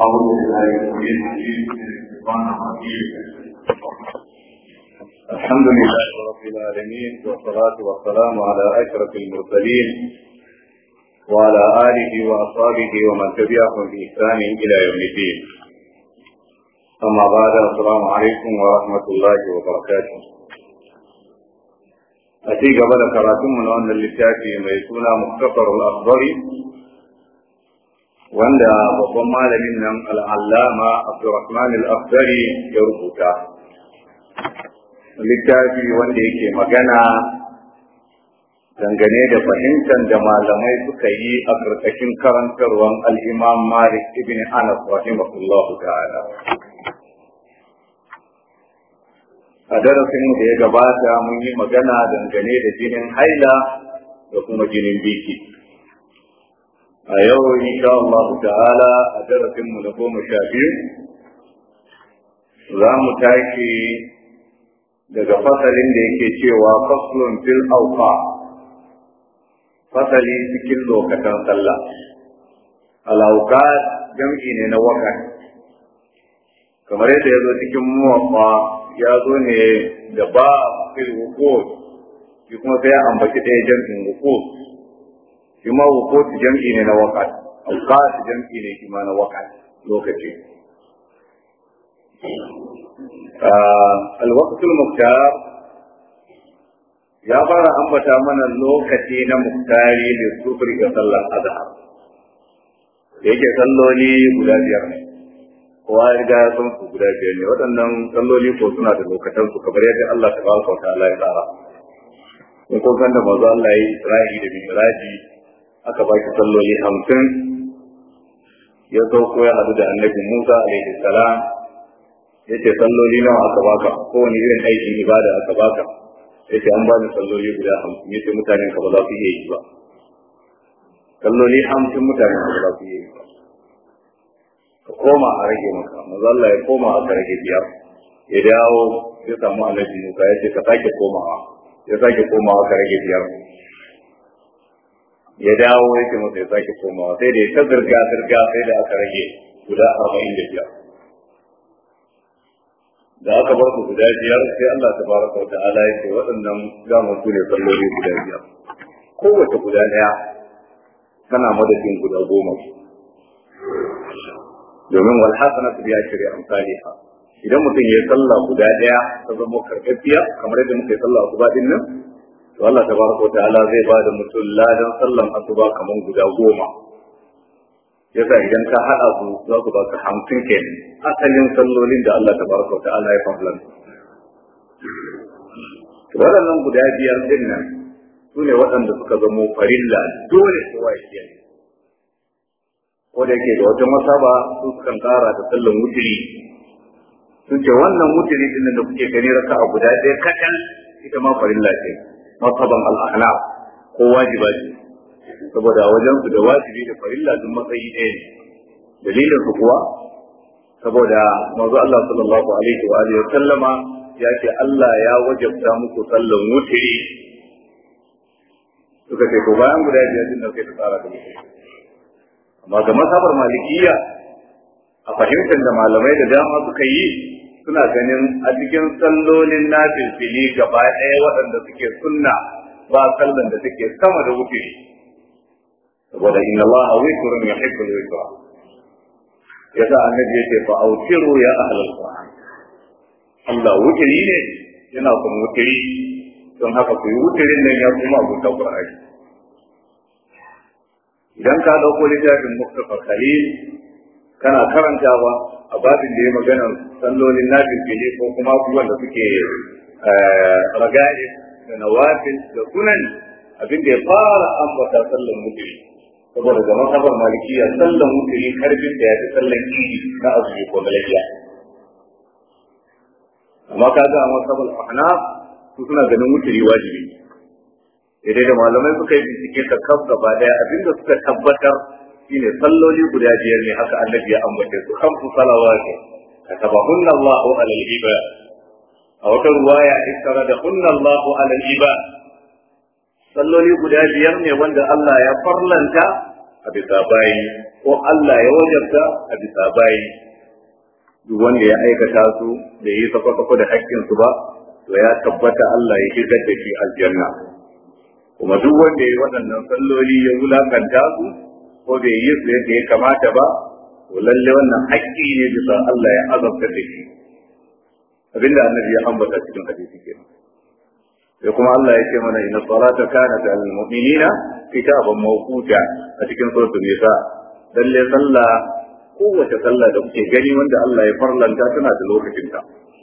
أعوذ بالله من الشيطان الرجيم الحمد لله رب العالمين والصلاة والسلام على أشرف المرسلين وعلى آله وأصحابه ومن تبعهم بإحسان إلى يوم الدين أما بعد السلام عليكم ورحمة الله وبركاته أتي قبل صلاة من أن اللتاتي ميسونا مختصر الأخضر wanda babban malamin nan al'allama abdurrahman al-afdari ya rubuta littafi wanda yake magana dangane da fahimtar da malamai suka yi a ƙarƙashin karantarwan al'imam malik ibn anas rahimahullah ta'ala a darasin da ya gabata mun yi magana dangane da jinin haila da kuma jinin biki a yau insha Allah ta'ala a darasin mu na goma sha biyu za mu tashi daga fasalin da yake cewa faslun fil auqa fasali cikin lokacin sallah al jam'i ne na waka kamar yadda ya zo cikin muwaffa ya zo ne da ba fil wuqut kuma sai ya ambaci ɗaya jam'in wuqut shi ma wuqut jam'i ne na waqat awqat jam'i ne shi na waqat lokaci al ah, muktar ya fara ambata mana lokaci na muktari da sufuri ga sallar azhar da yake salloli guda biyar ne kowa ya riga sun su guda biyar ne waɗannan salloli ko suna da lokacin su kamar yadda Allah ta ba su Allah ya tsara Ko kun san da mazu Allah ya yi da miraji aka ba salloli hamsin ya sauko ya hadu da annabi musa alaihi salam ya ce salloli nawa aka baka kowane irin aiki ibada aka baka ya ce an ba ni salloli guda hamsin ya ce mutanen ka ba za su iya yi ba salloli hamsin mutanen ka ba za su iya yi ba ka koma a rage maka maza Allah ya koma aka rage biyar ya dawo ya samu annabi musa ya ce ka sake komawa ya sake komawa ka rage biyar ya dawo yake masa ya sake komawa sai da ya ta zirga zirga sai da aka rage guda arba'in da biyar da aka bar su guda biyar sai Allah ta baraka wa ta'ala ya ce waɗannan damar su ne salloli guda biyar kowace guda ɗaya tana madadin guda goma domin walhasana su biya shirya amsali ha idan mutum ya yi sallah guda ɗaya ta zama karɓaɓɓiya kamar yadda muka yi sallah guda ɗin nan to Allah tabaraka ala zai ba da mutum ladan sallan asuba kamar guda goma yasa idan ka haɗa su za su baka hamsin ke. asalin sallolin da Allah tabaraka ala ya fahimta waɗannan guda biyar din nan su ne waɗanda suka zamo farilla dole kowa ya kiyaye ko da yake da wata masaba su sukan ƙara da sallan wutiri sun ce wannan wutiri din da kuke gani raka a guda ɗaya kaɗan ita ma farilla ce mataban al'ala ko wajiba ce saboda wajen su da wajibi da farilla sun matsayi ɗaya ne dalilin su kuwa saboda manzo Allah sallallahu alaihi wa alihi sallama ya ce Allah ya wajabta muku sallan wutiri suka ce ko bayan guda biyar din kai ta tsara da wutiri amma ga masabar malikiya a fahimtar da malamai da dama suka yi suna ganin a cikin sallolin nafil fili gaba ɗaya waɗanda suke sunna ba sallan da suke sama da wuce saboda inna Allah witrun yuhibbul witra yasa annabi yace fa autiru ya ahlul qur'an Allah wutiri ne yana kuma wutiri don haka ku yi wutirin nan ya kuma abuta qur'ani idan ka ɗauko littafin muktafa khalil kana karanta ba. a babin da ya magana sallolin nafin fili ko kuma abubuwan da suke eh, ragare da nawafin da kunan, abin ya fara ambata sallan mutiri saboda zaman mazhabar malikiya sallan mutiri karfin da ya fi sallan idi na azumi ko malakiya amma ka ga a mazhabar ahnaf su suna ganin mutiri wajibi daidai da malamai suka yi bincike ka kaf gaba daya abinda suka tabbatar shine salloli guda biyar ne haka annabi ya ambace su kamsu salawati katabahunna Allahu ala al-ibad a wata ruwaya iskara da Allahu ala al-ibad salloli guda biyar ne wanda Allah ya farlanta a bisa bayi ko Allah ya wajarta a bisa bayi duk wanda ya aikata su da yi sako-sako da su ba to ya tabbata Allah ya shigar da shi aljanna kuma duk wanda ya yi waɗannan salloli ya wulaƙanta su ko bai yi su yadda ya kamata ba to lalle wannan haƙƙi ne bisa Allah ya azabta da shi abinda annabi ya ambata cikin hadisi kenan sai kuma Allah ya ce mana inna salata kanat al mu'minina kitaban mawquta a cikin suratul nisa lalle sallah kowace sallah da kuke gani wanda Allah ya farlanta tana da lokacinta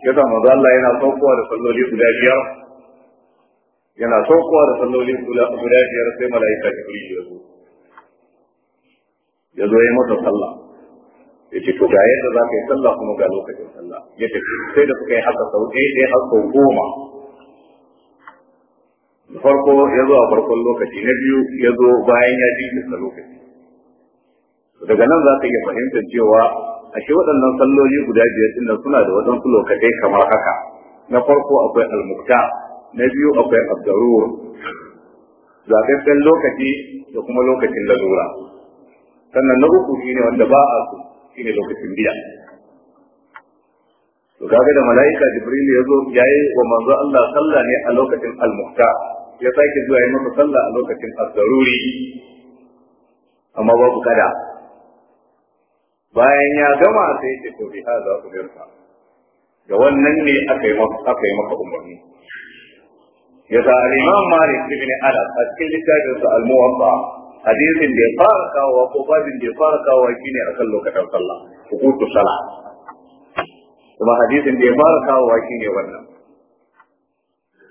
yasa manzo Allah yana saukowa da salloli guda biyar yana saukowa da salloli guda biyar sai mala'ika jibril ya zo ya zo ya masa sallah ya ce to ga yadda za ka yi sallah kuma ga lokacin sallah ya ce sai da suka yi haka sau ɗaya ɗaya har sau goma da farko ya zo a farkon lokaci na biyu ya zo bayan ya ji da lokaci daga nan za ka iya fahimtar cewa ashe waɗannan salloli guda biyar ɗin suna da waɗansu lokacai kamar haka na farko akwai almukta na biyu akwai abdarur zaɓaɓɓen lokaci da kuma lokacin lalura sannan na uku shine wanda ba a so shine lokacin biya to kaga da malaika jibril ya zo yayi wa manzo Allah sallah ne a lokacin al-muhta ya sake zuwa ya masa sallah a lokacin az-zaruri amma babu kada bayan ya gama sai ya ce bi ku dirka da wannan ne aka yi maka aka yi maka umarni ya sa al-imam malik ibn anas a cikin littafin sa al-muwatta hadisin da ya fara kawowa ko babin da ya fara kawowa shine akan lokacin sallah hukutu sallah kuma hadisin da ya fara kawowa shine wannan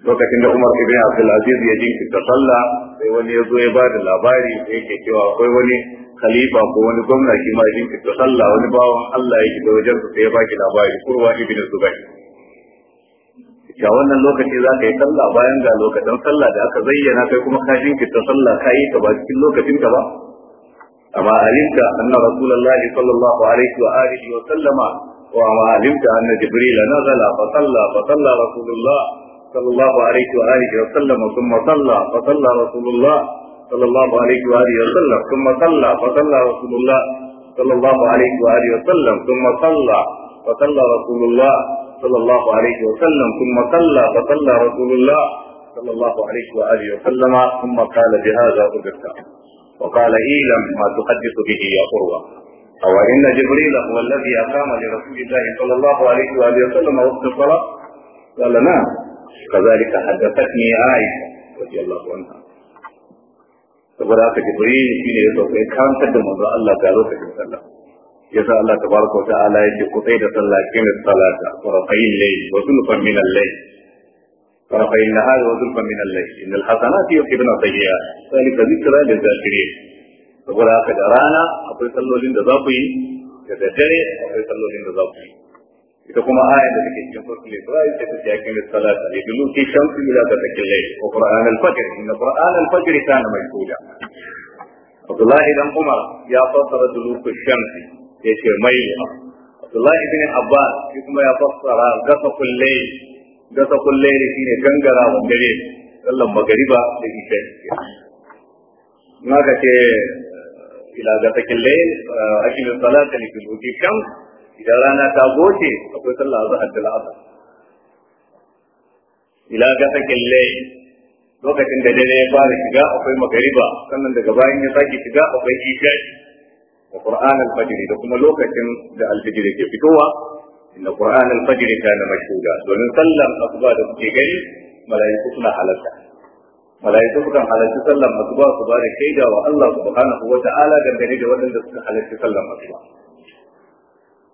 lokacin da Umar ibn Abdul Aziz ya jinkirta sallah sai wani ya zo ya ba da labari sai yake cewa akwai wani khalifa ko wani gwamna shi ma jinkirta sallah wani bawan Allah yake da wajen sai ya baki labari kurwa ibn Zubair ga wannan lokaci za ka yi sallah bayan ga lokacin sallah da aka zayyana kai kuma ka jinkirta sallah ka yi ta ba cikin lokacin ka ba amma alimta anna rasulullahi sallallahu alaihi wa alihi wa sallama wa amma alimta anna jibril nazala fa salla fa salla rasulullah sallallahu alaihi wa alihi wa sallama thumma salla fa salla rasulullah sallallahu alaihi wa alihi wa sallam thumma salla fa salla rasulullah sallallahu alaihi wa alihi wa sallam thumma salla fa salla rasulullah صلى الله عليه وسلم ثم صلى فصلى رسول الله صلى الله عليه وآله وسلم ثم قال بهذا أدرك وقال إيلم ما تحدث به يا قروة أو إن جبريل هو الذي أقام لرسول الله صلى الله عليه وآله وسلم وقت الصلاة قال نعم كذلك حدثتني عائشة رضي الله عنها saboda جبريل في shi ne قدم الله قالوا في الله yasa Allah tabaraka wa ta'ala yake ku tsaya da sallah kina salata tarafayil layl wa zulfan min al-layl tarafayil nahar wa zulfan min al-layl innal hasanati yuqibna sayyi'at zalika dhikra lil zakirin saboda haka da rana akwai sallolin da za ku yi da daddare akwai sallolin da za ku yi ita kuma ayar da take cikin surtul isra'i ta tace yakin salata ne dulu ki shamsu ila ta takillai wa qur'an al-fajr inna qur'an al-fajr kana mashhuda Abdullahi dan Umar ya fassara dulu ki shamsi ya ce mai Abdullahi ibn Abbas shi kuma ya fassara gasa kulle gasa kulle ne shine gangara wa dare sallan magariba da isha maka ce ila gasa kulle akilin salata ne fi lokaci kan idan rana ta goce akwai sallah azhar da la'asar ila gasa kulle lokacin da dare ya fara shiga akwai magariba sannan daga bayan ya sake shiga akwai isha da Qur'an al-Fajr da kuma lokacin da al-Fajr ke fitowa inna Qur'an al-Fajr kana mashhuda domin sallan asuba da kuke gani malaiku suna halarta malaiku sukan halarci sallan asuba su ba da shaida wa Allah subhanahu wa ta'ala dangane da waɗanda suka halarci sallan asuba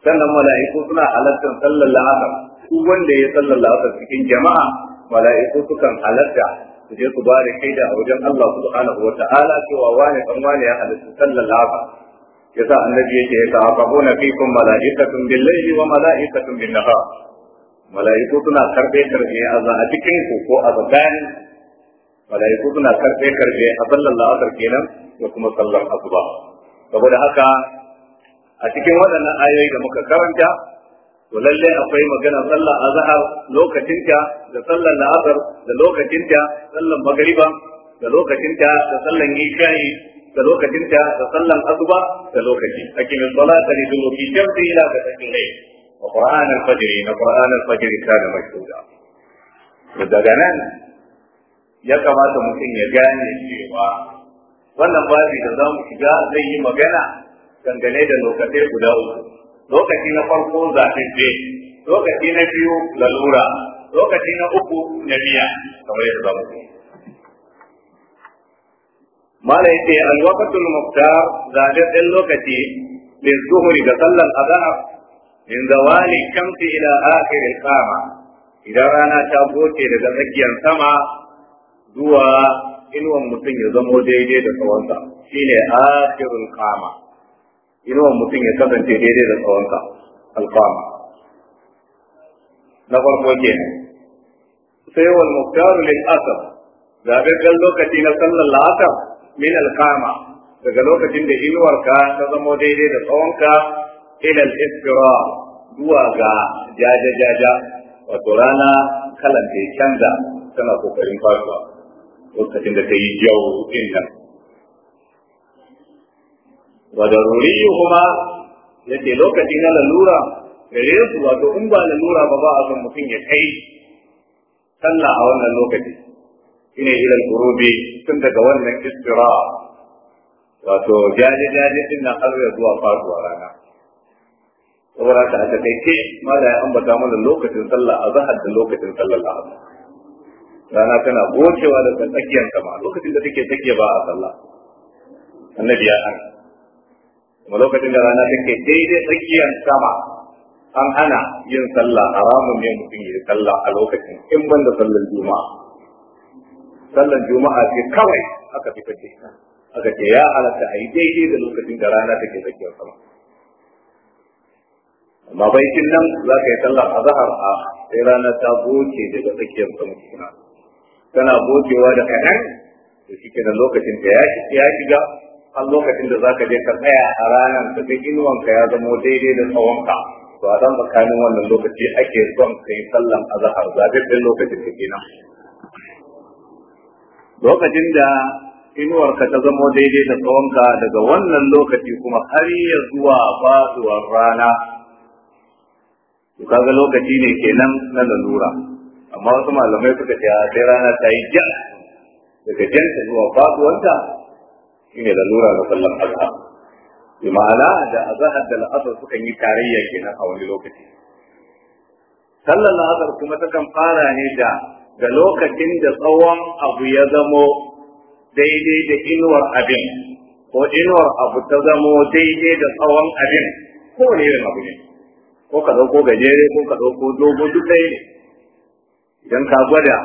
sannan malaiku suna halartar sallar la'asar su wanda ya sallar la'asar cikin jama'a malaiku sukan halarta su je su ba da shaida a wajen Allah subhanahu wa ta'ala cewa wane dan wane ya halarci sallar la'asar yasa annabi yake ya ta'aqabuna fikum mala'ikatun bil-layli wa mala'ikatun bin-nahar mala'iku suna karbe karbe a cikin ku ko a tsakanin mala'iku suna karbe karbe a sallar la'asar kenan da kuma sallar asuba saboda haka a cikin waɗannan ayoyi da muka karanta to lalle akwai magana sallar azhar lokacinta da sallar la'asar da lokacinta sallar magariba da lokacinta da sallar isha'i da lokacinta da sallan azuba da lokaci akin salata li duluki shamsi ila ghasaqi layl wa qur'an al-fajr na qur'an al-fajr kana mashhuda daga nan ya kamata mutum ya gane cewa wannan babi da za mu shiga zai yi magana dangane da lokacin guda uku lokaci na farko zafin lokaci na biyu lalura lokaci na uku na biya kamar yadda za mu mala yace alwaqtul muqtar zaɗaɗɗen lokaci lil zuhri da sallar azhar min zawali shamsi ila akhir al-qama idan rana ta goce daga tsakiyar sama zuwa inuwan mutum ya zamo daidai da tsawonsa shine akhirul qama inuwan mutum ya kasance daidai da tsawonsa alqama na farko kenan sai wal muqtar lil asr zaɓaɓɓen lokaci na sallar la'asar min kama daga lokacin da inuwarka ta zamo daidai da tsawonka ilal al-isfira zuwa ga jaja jaja wato rana kalan ta canza tana kokarin faruwa lokacin da ta yi jau din nan wa daruri kuma yace lokacin na lalura gare su wato in ba lalura ba ba a son mutum ya kai sallah a wannan lokaci shine ilal qurubi tun daga wannan istira wato jaje jaje din nan har ya zuwa faruwa rana saboda ta aka kai ke mala ya ambata mana lokacin sallah a zahar da lokacin sallar asar rana tana gocewa da tsakiyar kama lokacin da take tsakiya ba a sallah annabi ya an. kuma lokacin da rana take daidai tsakiyar sama an hana yin sallah haramun ne mutum yi sallah a lokacin in ban da sallar juma'a sallan juma'a ce kawai aka fi take aka ce ya halatta a yi daidai da lokacin da rana take tsakiyar sama amma baikin nan za ka yi sallar zahar a sai rana ta goce daga tsakiyar sama kina tana gocewa da kaɗan da shi kenan lokacin da ya shiga har lokacin da za ka je ka tsaya a ranar da duk inuwanka ya zamo daidai da tsawonka to a dan tsakanin wannan lokaci ake son kai sallan azhar zabibin lokacin da kenan lokacin da inuwarka ta zamo daidai da tsawonka daga wannan lokaci kuma har ya zuwa fasuwar rana to kaga lokaci ne kenan na lalura amma wasu malamai suka ce sai rana ta yi ja daga janta zuwa faduwarta shine lalura ga sallar azhar bi ma'ana da azhar da al'asr sukan yi tarayya kenan a wani lokaci sallar al'asr kuma takan fara ne da da lokacin da tsawon abu ya zamo daidai da inuwar abin ko inuwar abu ta zamo daidai da tsawon abin ko ne yin abu ne ko ka ko gajere ko ka ko dogo duk ɗaya ne idan ka gwada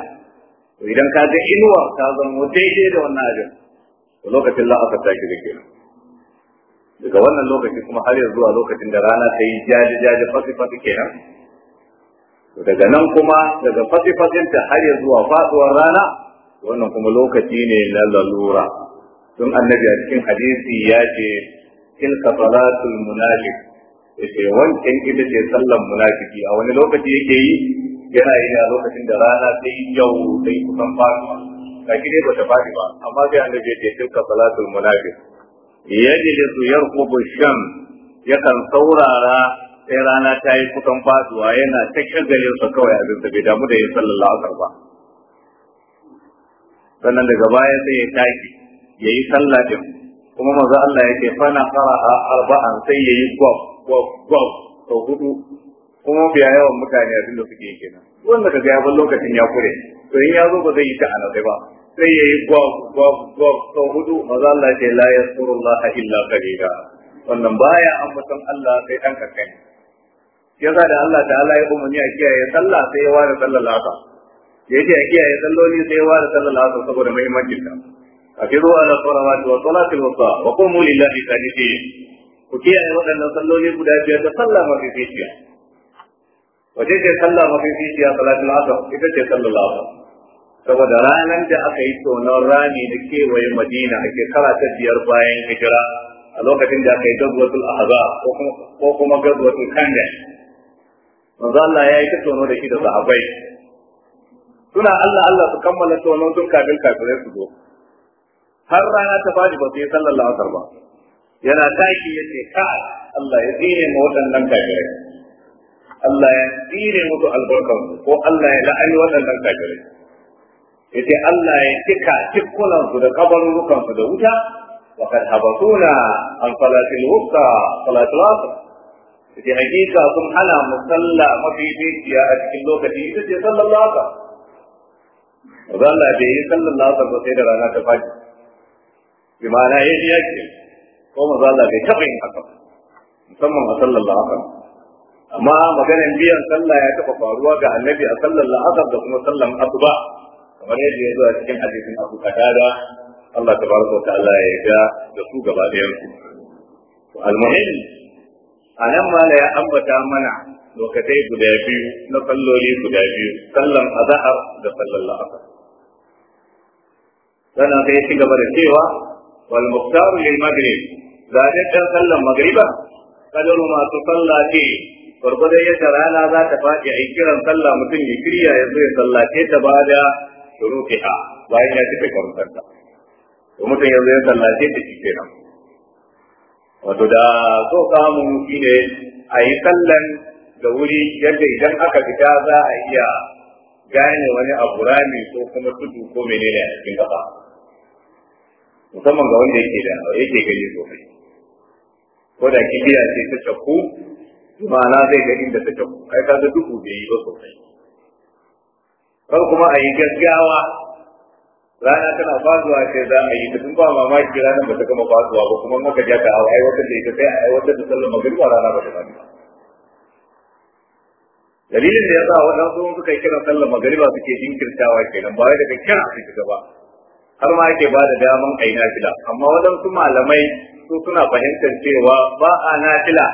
to idan ka ga inuwar ta zamo daidai da wannan abin to lokacin la'aka ta ki da kenan daga wannan lokaci kuma har yanzu a lokacin da rana ta yi jaji jaji fasifasi kenan daga nan kuma daga fasifasinta har ya zuwa faduwar rana wannan kuma lokaci ne na lalura tun annabi a cikin hadisi ya ce tilka salatul munafiq yace wancan ita ce sallan munafiki a wani lokaci yake yi yana yi a lokacin da rana sai yau sai kusan faduwa ki dai bata fadi ba amma sai annabi ya ce tilka salatul munafiq yajlisu yarqubu sham yakan saurara sai rana ta yi kusan faduwa yana ta sa kawai abin da bai damu da yin sallallahu alaihi ba sannan daga baya sai ya tashi ya yi sallah din kuma maza Allah ya ce fana fara'a arba'an sai ya yi gwab gwab gwab ta hudu kuma biya yawan mutane a da suke yi kenan wanda ka gaya bar lokacin ya kure to in ya zo ba zai yi ta anazai ba sai ya yi gwab gwab gwab ta hudu maza Allah ya ce la yasuru Allah illa qalila wannan baya an ambaton Allah sai dan kankan. yasa da Allah ta'ala ya umarni a kiyaye sallah sai ya ware sallar lafa ya ce a kiyaye salloli sai ya ware sallar lafa saboda muhimmancin ta hafizu ala salawati wa salatil wusta wa qumu lillahi qanitin ku kiyaye waɗannan salloli guda biyar da sallah mafi ficiya wace ce sallah mafi ficiya salatul lafa ita ce sallar lafa saboda ranar da aka yi tonon rami da kewaye madina ake shekara ta biyar bayan hijira a lokacin da aka yi gazwatul ahzab ko kuma gazwatul kandai manzo Allah ya yi tattauno da shi da sahabbai suna Allah Allah su kammala tonon tun kafin kafirai su zo har rana ta fadi ba su yi sallar la'asar ba yana taki ya ce ka Allah ya tsire ma waɗannan kafirai Allah ya tsire musu albarkan ko Allah ya la'ani waɗannan kafirai ya ce Allah ya cika cikkunansu da kabarurukansu da wuta wa kad habatuna an salatil wusta salatul asr da hakika sun hana musalla mafi mafificiya a cikin lokaci ita ce sallallahu alaihi wasallam Allah da yi sallallahu alaihi wasallam sai da rana ta faɗi bi ma'ana yayi yake ko manzo Allah bai taɓa yin haka musamman a sallallahu alaihi wasallam amma maganin biyan sallah ya taɓa faruwa ga annabi a sallallahu alaihi da kuma sallan asuba kamar yadda ya zo a cikin hadisin Abu Qatada Allah tabaraka wa ta'ala ya ga da su gaba ɗayan su al-muhim a nan mala ya ambata mana lokacai guda biyu na kalloli guda biyu sallan azahar da sallan la'asar sannan sai ya ci gaba da cewa wal muktaru lil maghrib zaɗaɗɗen sallan magriba kadaru masu sallah ce gwargwadon yadda rana za ta faɗi a yi kiran sallah mutum ya kirya ya zo ya sallace ta ba da shuruƙiha bayan ya ci ta karutarta mutum ya zo ya sallace ta shi kenan wato da so samu shine a yi sallan da wuri yadda idan aka fita za a iya gane wani abu rami ko kuma tudu ko menene a cikin kafa musamman ga wanda yake da yake gani sosai ko da kibiya ce ta cakku ma'ana zai ga inda ta cakku kai ka ga duhu bai yi ba sosai kan kuma a yi gaggawa rana tana fazuwa sai za a yi ta tun ba mamaki ranar ba ta gama fazuwa ba kuma maka ja ta hawa aiwatar da ita sai a aiwatar da sallar magariba rana ba ta gani ba dalilin da ya sa waɗansu suka yi kiran sallar magariba suke jinkirtawa kenan ba daga kira su shiga ba har ma yake ba da daman a yi nafila amma waɗansu malamai su suna fahimtar cewa ba a nafila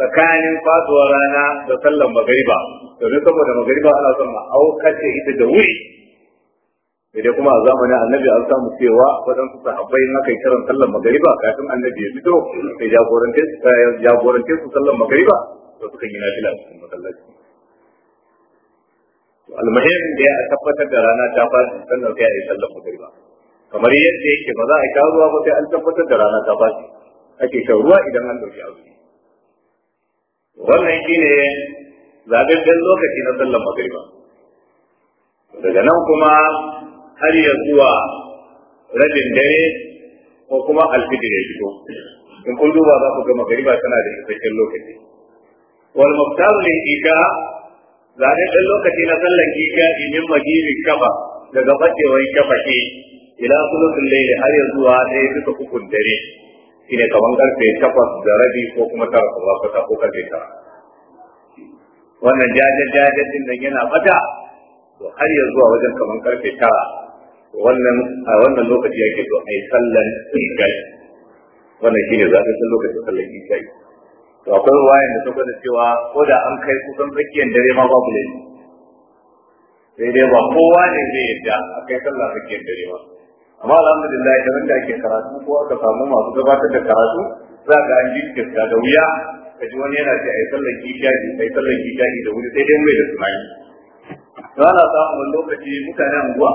tsakanin faduwar rana da sallar magariba domin saboda magariba ana son a aukace ita da wuri idan kuma a zamanin annabi an samu cewa waɗansu sahabbai in aka yi kiran sallar magariba kafin annabi ya fito sai jagorance su eh, jagorance su sallar magariba to suka yi nafila a cikin masallaci almuhim da ya tabbatar da rana ta faɗi sannan sai a yi sallar magariba kamar yadda yake ba za a sha ruwa ba sai an tabbatar da rana ta faɗi ake shan ruwa idan an ɗauki azumi wannan shi shine zaɓaɓɓen lokaci na sallar magariba daga nan kuma har ya zuwa rabin dare ko kuma alfidi ya fito in kun duba za ku ga ba tana da isasshen lokaci wal muftar lil ika zane dan lokaci na sallan ika imin magiri kafa daga bacewar kafa ke ila sulutul layli har ya zuwa ɗaya bisa hukun dare shine kaman karfe takwas da rabi ko kuma tara ko ba ko karfe tara wannan jajen jajen din nan yana fata to har ya zuwa wajen kaman karfe tara wannan a wannan lokaci yake a ai sallan isha'i wannan shine za zaɓin san lokacin sallan isha'i to akwai ruwayan da suka da cewa ko da an kai kusan tsakiyar dare ma babu laifi sai dai ba kowa ne zai yarda a kai sallah tsakiyar dare ba amma alhamdulillah idan da ake karatu ko aka samu masu gabatar da karatu za ka an ji kirka da wuya ka ji wani yana ce ai sallan isha'i ai sallan isha'i da wuri sai dai mai da tunani Ba na samun lokaci mutanen unguwa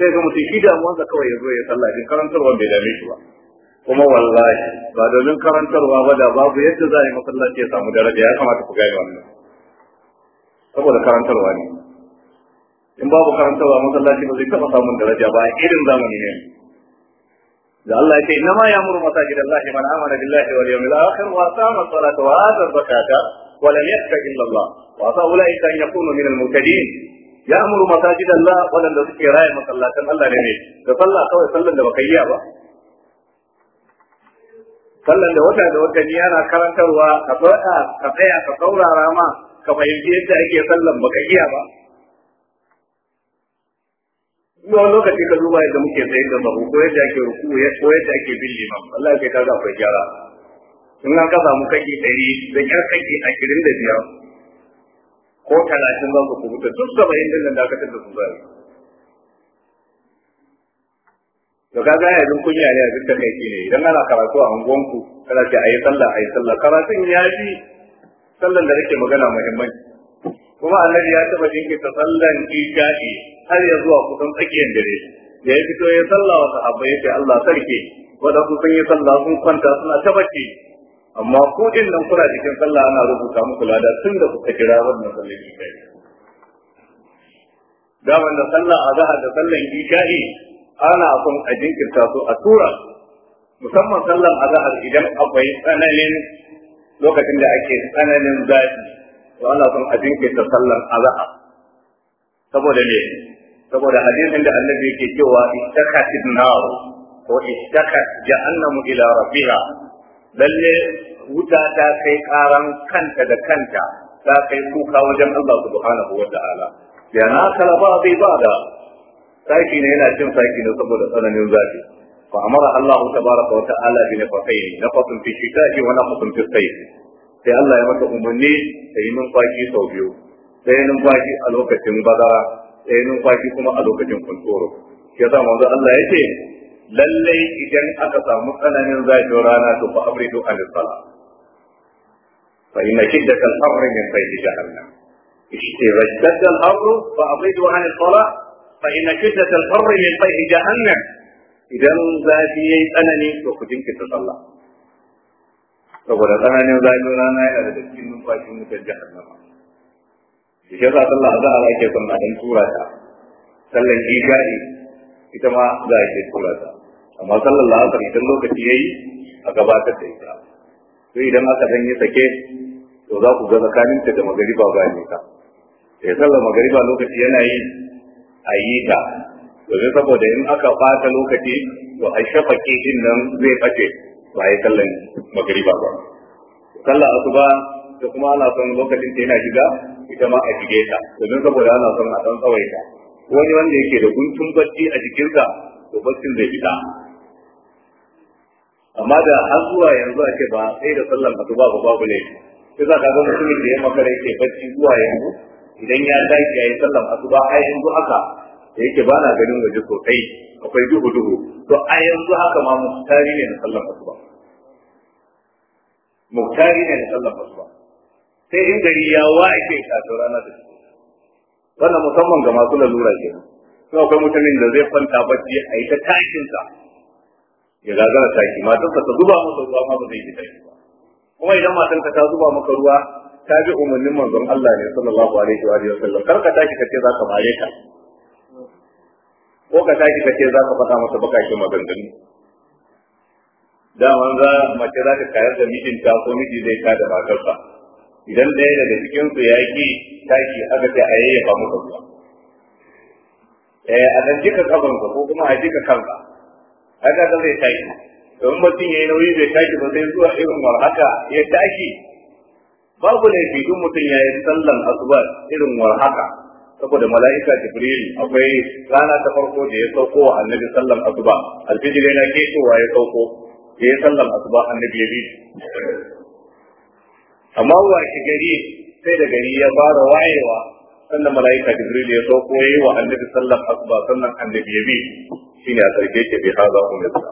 sai ga mutum shi damuwansa kawai ya zo ya sallah din karantarwa bai dame shi ba kuma wallahi ba domin karantarwa ba da babu yadda za a yi masallaci ya samu daraja ya kamata ku gane wannan saboda karantarwa ne in babu karantarwa masallaci ba zai taɓa samun daraja ba a irin zamani ne da Allah ya ce inna ma ya'muru masajida Allah man amana billahi wal yawmil akhir wa aqama as-salata wa ata az-zakata wa lam yakhfa illa Allah wa fa ulai ka yakunu min al-muhtadin ya amuru masajid Allah waɗanda suke raya masallatan Allah ne ne da sallah kawai sallan da baka yi ba sallan da wata da wata ni yana karantarwa ka tsaya ka tsaya ka saurara ma ka fahimci yadda ake sallan baka yi ba zuwa lokaci ka duba yadda muke tsayin da babu ko yadda ake ruku ko yadda ake bin limam Allah kai ka akwai gyara in an ka samu kaki ɗari da kyar kaki ashirin da biyar ko talatin za su kubuta duk saba'in din nan dakatar da su zai to kaga ya dun kunya ne a duk da kai ne idan ana karatu a unguwanku kana ce ayi sallah ayi sallah karatun ya fi sallan da nake magana muhimmanci kuma annabi ya taba ta sallan isha'i har ya zuwa kusan tsakiyar dare da ya fito ya sallah wa sahabbai ya ce Allah sarki wadansu sun yi sallah sun kwanta suna ta bacci amma ko din nan kuna cikin sallah ana rubuta muku lada tun da kuka kira wannan sallah ki kai da sallah azhar da sallar isha'i ana son a jinkirta su a tura musamman sallar azhar idan akwai tsananin lokacin da ake tsananin zafi to ana son a jinkirta sallar azhar saboda me saboda hadisin da annabi yake cewa ittaqatin nar wa istakhat jahannamu ila rabbiha lalle wuta ta kai karan kanta da kanta ta kai kuka wajen Allah subhanahu wa ta'ala ya na kala ba zai ba da saki ne yana cin saki ne saboda tsananin zafi fa amara Allah tabaraka wa ta'ala bi nafatain nafatun fi shita'i wa nafatun fi sayf sai Allah ya mata umarni da yi numfashi sau biyu ɗaya numfashi a lokacin bazara ɗaya numfashi kuma a lokacin kuntoro Ya sa manzo Allah yake lallai idan aka samu tsananin zafin rana to fa abridu an sala fa inna shiddat al-harri min sayd jahannam اشتد الحر فأبعدوا عن الصلاة فإن شدة الحر من طيح tsanani إذا ku أنني ta تصلى saboda tsananin zafin rana yana da cikin numfashin wutar jahannama da shi yasa sallah za a ake son a dan tura ta sallan ita ma za a ke tura ta amma sallallahu la'asar idan lokaci ya yi a gabatar da ita sai idan aka danye yi sake to za ku ga tsakaninta da magariba ba ne ta sai eh, sallar magariba lokaci yana yi a yi ta sai saboda in aka bata lokaci to a shafake din nan zai bace ba ya sallar magariba ba sallar asuba da kuma ana son lokacin ta yana shiga ita ma a shige ta domin saboda ana son a dan tsawaita wani wanda yake da guntun bacci a jikinsa to baccin zai fita amma da har zuwa yanzu ake ba sai da sallan ba babu babu ne sai za ka ga mutumin da ya makara ke bacci zuwa yanzu idan ya tashi ya yi sallan asuba a yanzu haka da yake ba na ganin waje sosai akwai duhu duhu to a yanzu haka ma muktari ne na sallan asuba muktari ne na sallan asuba sai in gari ya wa ake kafin rana da shi wannan musamman ga masu lalura ke sai akwai mutumin da zai kwanta bacci a yi ta tashinsa ya ki matan ka ta zuba masa ruwa ma ba zai yi taki ba kuma idan ka ta zuba maka ruwa ta bi umarnin manzon Allah ne sallallahu alaihi wa alihi wasallam kar ka taki kace za ka bare ka ko ka taki kace za ka faɗa masa bakakin maganganu dama za mace za ka kayar da mijinta ko miji zai ka da matarsa idan ɗaya daga cikin su ya ki taki aka ce a maka ruwa eh a dan jika kafanka ko kuma a jika kanka haka zan zai tashi don mutum ya yi nauyi zai tashi ba zai zuwa irin warhaka ya tashi babu fi duk mutum ya yi sallan asuba irin warhaka saboda mala'ika jibril akwai rana ta farko da ya sauko wa annabi sallan asuba alfijir yana kesowa ya sauko da ya sallan asuba annabi ya bi amma shi gari sai da gari ya fara wayewa sannan mala'ika jibril ya sauko ya yi wa annabi sallan asuba sannan annabi ya bi shine a karshe ke haza hada umma sa.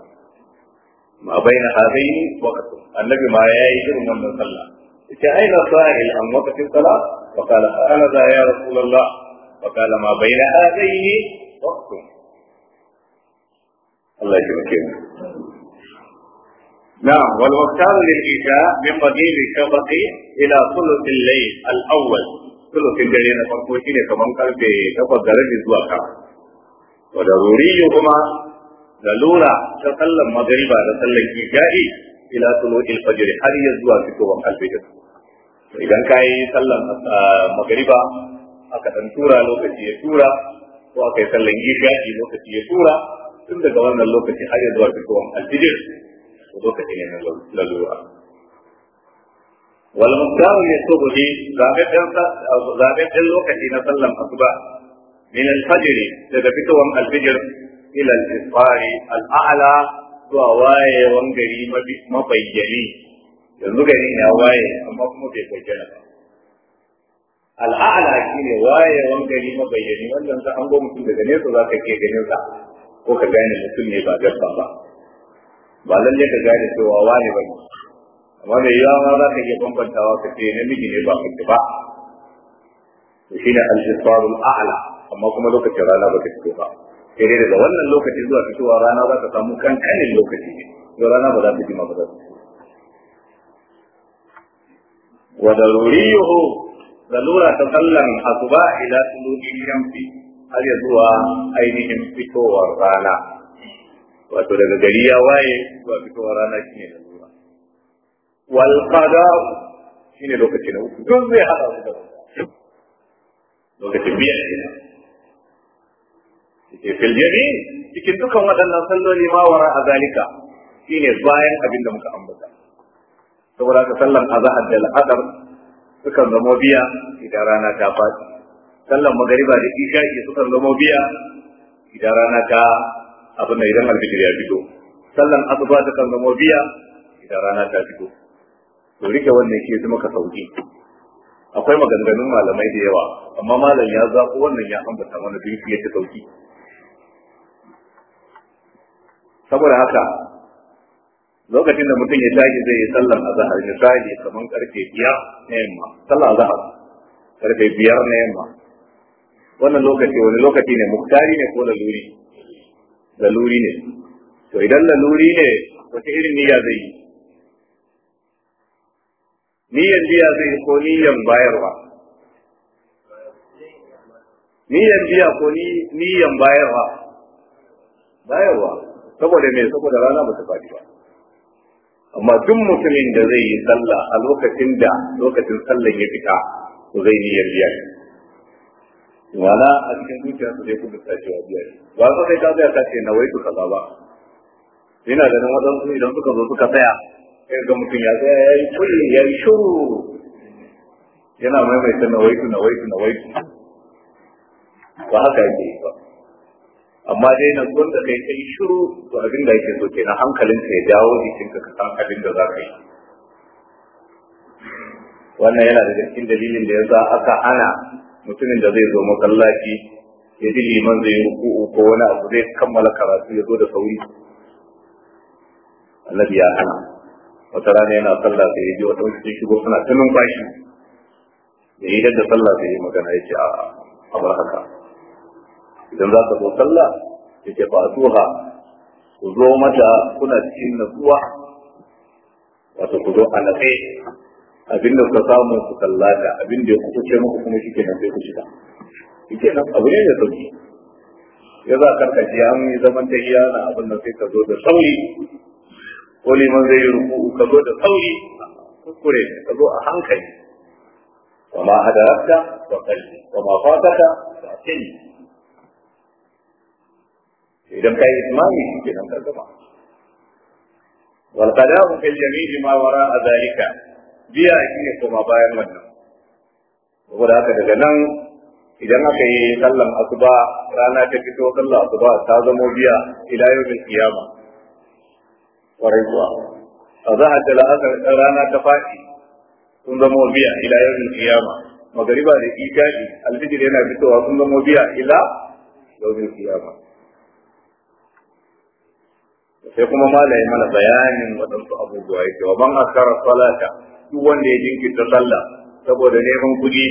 ma baina hadain waqt annabi ma yayi irin wannan sallah ita aina sa'il an waqtin sala wa kala ana da ya rasulullah wa kala ma baina hadain waqt Allah ya yake mu na'am wal waqtan lil isha min qadim shabaqi ila thuluth al-layl al-awwal thuluth al-layl na farko shine kamar karfe takwas garin zuwa kafa wa daruriyyu kuma lura ta sallan magariba da sallan isha'i ila tulu'il fajr har ya zuwa fitowar alfajir idan ka yi sallan ah, magariba aka dan tura lokaci ya tura ko aka yi sallan isha'i lokaci ya tura tun daga wannan lokaci har ya zuwa fitowar alfajir lokaci na lalura wal ya lokaci na sallan asuba min al-fajr daga fitowar al-fajr ila al-isfar al-a'la zuwa wayewan gari mabayyani yanzu gari na waye amma kuma bai bayyana ba al'a'ala shi ne wayewan gari mabayyani wannan za an go mutum daga nesa za ka ke ganin sa ko ka gane mutum ne ba dabba ba ba lalle ka gane cewa wani ba amma mai yawa ma za ka iya bambantawa ka ce namiji ne ba kake ba to shine al-isfarul a'la amma kuma lokacin rana ba ta fito ba sai dai daga wannan lokacin zuwa fitowa rana za ta samu kankanin lokaci ne rana ba za ta jima ba za ta fito wa daruriyuhu lalura ta sallan asuba ila tulubi yamfi har ya zuwa ainihin fitowar rana wato daga gari ya waye zuwa fitowar rana shine da lalura wal qada shine lokacin da duk zai hada su da lokacin biya kenan ke fil jami'i cikin dukan waɗannan salloli ma wara a zalika shine bayan abin da muka ambata saboda ka sallan azhar da al'adar sukan zama biya idan rana ta fadi sallan magariba da ke sukan zama biya idan rana ta abin da idan alfijir ya fito sallan asuba ta kan zama biya idan rana ta fito to rike wannan ke zama ka sauki akwai maganganun malamai da yawa amma malam ya zaɓo wannan ya ambata mana duk ta sauki saboda haka lokacin da mutum ya tashi zai yi sallar azahar misali kamar karfe biyar na yamma sallar azahar karfe biyar na yamma wannan lokaci wani lokaci ne muktari ne ko laluri laluri ne to idan laluri ne wata irin niyya zai yi niyyan biya zai ko niyyan bayarwa niyyan biya ko niyyan bayarwa bayarwa saboda me saboda rana ba ta faɗi ba amma duk mutumin da zai yi sallah a lokacin da lokacin sallah ya fita to zai yi biya wala a cikin su zai kuma cewa biya ba so sai ka zai sace na waitu kaza ba ina ganin waɗansu idan suka zo suka tsaya sai ga mutum ya tsaya ya yi kulli ya yi shuru yana maimaita na waitu na waitu na waitu ba haka yake yi ba amma dai na gun da kai kai shiru to abin da yake so ke na hankalin ka ya dawo jikinka ka san abin da za ka yi wannan yana da cikin dalilin da yasa aka hana mutumin da zai zo masallaci ya ji liman zai ruku'u ko wani abu zai kammala karatu ya zo da sauri annabi ya ana wata rana yana sallah sai ya ji wata wacce shigo suna ta numfashi da yi da sallah sai ya magana ya ce a bar haka idan za ka zo sallah ya ce ba zuha ku zo mata kuna cikin natsuwa wato ku zo a abin da suka samu ku sallata da ya kuka ce muku kuma shi nan sai ku shiga shi nan abu ne da sauki ya za ka ji an yi zaman ta iya na abin da sai ka zo da sauri ko liman zai yi ruku ka zo da sauri kuskure ka zo a hankali وما هدرتك وقلبي وما فاتك فأتني idan ka yi imami shi kenan ka gama wal qada'u fil yamin ma wara'a zalika biya shi ne kuma bayan wannan saboda haka daga nan idan aka yi sallan asuba rana ta fito sallan asuba ta zamo biya ila yawmin qiyama kwarai kuwa a za a rana ta faɗi sun zamo biya ila yawmin qiyama magariba da isha'i alfijir yana fitowa sun zamo biya ila yawmin qiyama sai kuma malaye mana bayanin waɗansu abubuwa yake wa ban askara salata duk wanda ya jinkirta sallah saboda neman kuɗi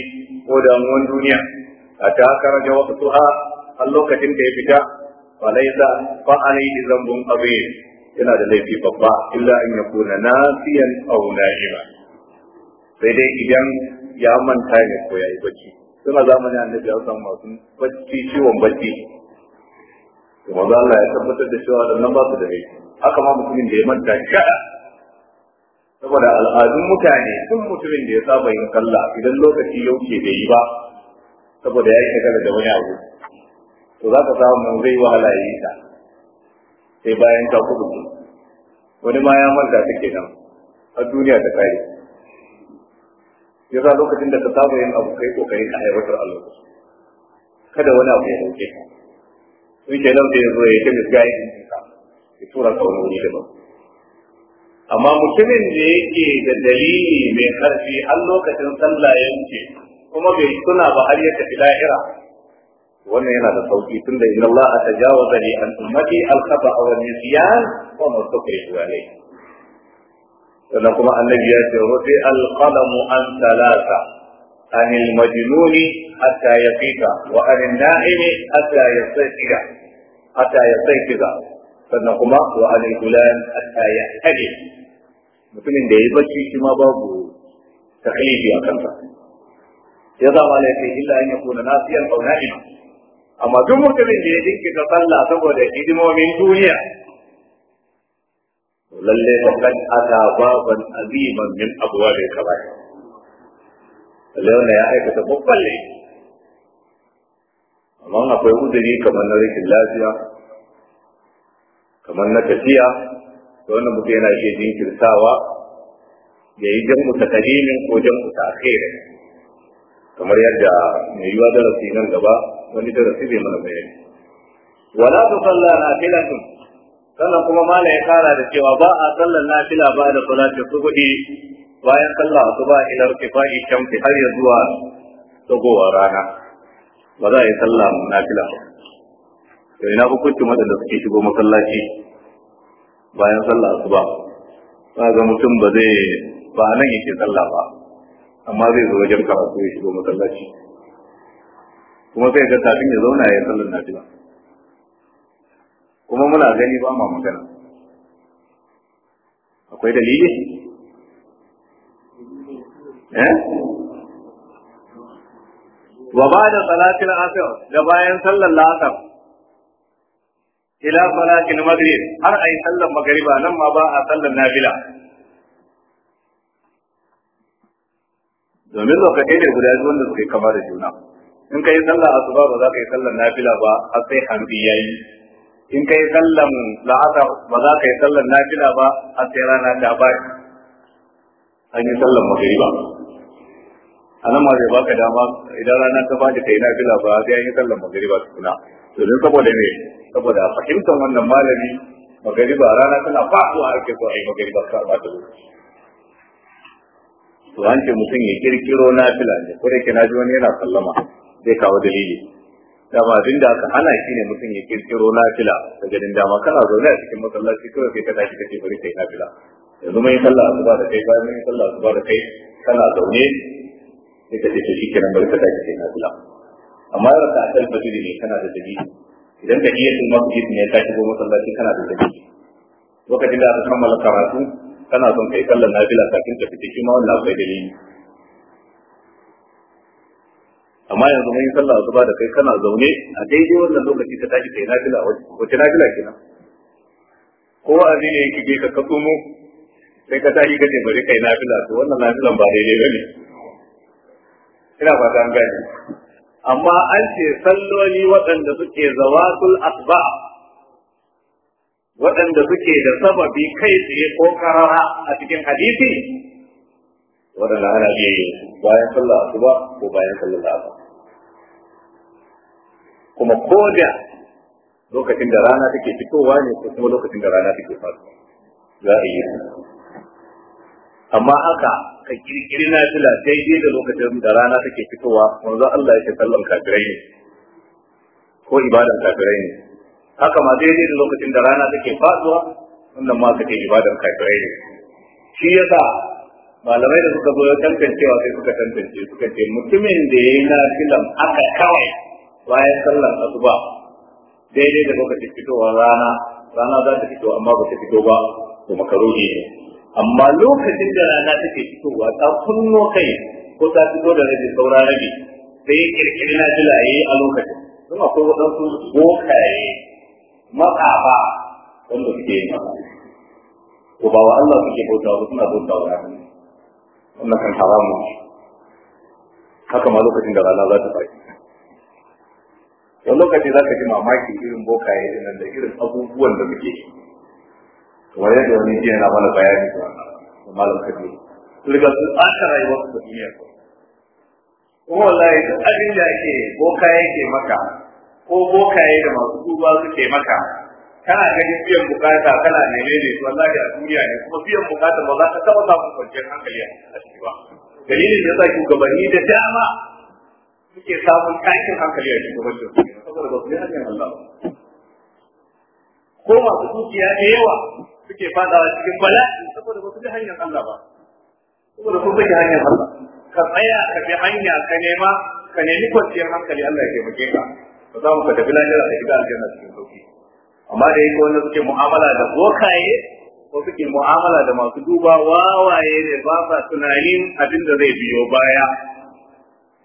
ko damuwan duniya a ta da wasu tuha a lokacin da ya fita fa laisa fa alayhi zambun abin yana da laifi babba illa an yakuna nasiyan aw na'ima sai dai idan ya manta ne ko yayi bacci suna zamanin annabi ya samu masu bacci ciwon bacci manzo Allah ya tabbatar da cewa waɗannan ba su da rai haka ma mutumin da ya manta kada saboda al'adun mutane sun mutumin da ya saba yin sallah idan lokaci ya wuce bai yi ba saboda ya yi shagala da wani abu to za ka samu mun zai wahala ya yi ta sai bayan ta kudu wani ma ya manta take nan a duniya ta kare yasa lokacin da ka saba yin abu kai kokari ka aiwatar a lokacin kada wani abu ya dauke ka shi ke nan sai ya zo ya ta misgayi ya tura ka wani wuri daban amma mutumin da yake da dalili mai ƙarfi har lokacin sallah ya wuce kuma bai tuna ba har ya tafi lahira wannan yana da sauki tunda inna Allah tajawaza li an ummati al khata aw al nisyan wa ma tukrihu alayhi sannan kuma annabi ya ce rufi al qalam an thalatha عن المجنون حتى يفيق وعن النائم حتى يستيقظ حتى يستيقظ sannan kuma wa an al-gulam hatta yahtadi mutumin da yayi bacci shi ma babu taklifi a kansa ya zama ne sai illa an yakuna nasiyan aw na'im amma duk mutumin da ya jinkirta sallah saboda hidimomin duniya lalle faqad ata baban aziman min abwabil kaba'ir launa ya aikata babban laifi amma akwai uzuri kamar na rikin lafiya kamar na tafiya da wannan mutum yana iya jinkirtawa ya yi jan mutu kalimin ko jan mutu akhirin kamar yadda mai yiwa darasi nan gaba wani darasi zai mana bayani wala tu salla nafilatun sannan kuma mala ya kara da cewa ba a sallar nafila ba da salati subhi bayan sallah asuba ila rukifa'i shamsi har ya zuwa dogowa rana ba za a yi sallah nafila ba to ina madan waɗanda suke shigo masallaci bayan sallah asuba ba ga mutum ba zai ba nan yake sallah ba amma zai zo wajen karatu ya shigo masallaci kuma sai ga kafin ya zauna ya sallar nafila kuma muna gani ba ma magana akwai dalili Eh? wa ba da salatin asir da bayan sallar la'asar ila salatin maghrib har a yi sallar magariba nan ma ba a sallar nafila domin lokacin ne guda wanda suka yi kama da juna in ka yi sallar asuba ba za ka yi sallar nafila ba har sai hanzi ya yi in ka yi sallar la'asar ba za ka yi sallar nafila ba har sai rana ta baki an yi sallan magariba a nan ma zai baka dama idan rana ta ta yi na fila ba sai an yi sallan magariba tukuna domin saboda ne saboda fahimtar wannan malami magariba rana tana faɗuwa ake so a yi magariba su ba ta lokaci to an ce mutum ya kirkiro na fila ne ko da ke na ji wani yana sallama zai kawo dalili dama abin da aka hana shi ne mutum ya kirkiro na fila daga ganin dama kana zaune a cikin masallaci kawai sai ka tashi kace bari kai na fila yanzu mun yi sallah ba da kai bayan mun yi sallah ba da kai kana zaune sai ka ce to shikenan bari ka tashi kai kula. amma yau ka asal fajiri ne kana da dalili idan ka iya tun masjid ne ka shigo masallaci kana da dalili lokacin da aka kammala karatu kana son kai sallar nafila kafin ka fita shi ma wannan akwai dalili amma yanzu mun yi sallah zuba da kai kana zaune a daidai wannan lokaci ka tashi kai nafila na nafila kenan ko a ne yake ka kasu mu. sai ka tashi kace bari kai nafila to wannan nafilan ba daidai ba ne. ina fata an gani amma an ce salloli waɗanda suke zawatul asba waɗanda suke da sababi kai tsaye ko karara a cikin hadisi waɗanda ana iya yi bayan sallah asuba ko bayan sallah asuba kuma ko da lokacin da rana take fitowa ne ko kuma lokacin da rana take faɗuwa za a yi amma haka ka kirkiri na fila daidai da lokacin da rana take fitowa manzo Allah yake sallan kafirai ne ko ibadan kafirai ne haka ma dai-dai da lokacin da rana take faduwa wannan ma kake ibadan kafirai ne shi yasa malamai da suka zo tantancewa sai suka tantance suka ce mutumin da ya yi na filan haka kawai bayan sallar asuba daidai da lokacin fitowar rana rana za ta fito amma ba ta fito ba to makaruhi ne amma lokacin da rana take fitowa ta kunno kai ko ta fito da rabi saura rabi sai kirkiri na laye a lokacin kuma akwai waɗansu bokaye matsafa wanda suke yin ba ko ba wa Allah suke bauta ba suna bauta wa rana wannan kan haramu haka ma lokacin da rana za ta faɗi wani lokaci za ka ji mamaki irin bokaye nan da irin abubuwan da muke waye da wani jiya na mana bayani da wannan malam kabi riga sun aka rayuwar da duniya ko kuma wallahi da abin da yake boka yake maka ko bokaye da masu duba suke maka kana ganin biyan bukata kana neme ne to allah ya duniya ne kuma biyan bukata ba za ka taba samun kwanciyar hankali a ciki ba dalilin da yasa gabani da dama suke samun kakin hankali a shugabancin saboda ba su yi hanyar Allah ko masu dukiya da yawa suke fadawa cikin bala saboda ba su bi hanyar Allah ba saboda sun bi hanyar Allah ka tsaya ka bi hanya ka nema ka nemi kwanciyar hankali Allah ya taimake ka ba za mu ka tafi lafiya da shiga aljanna cikin sauki amma da yake wanda suke mu'amala da bokaye ko suke mu'amala da masu duba wawaye ne ba sa tunanin abin da zai biyo baya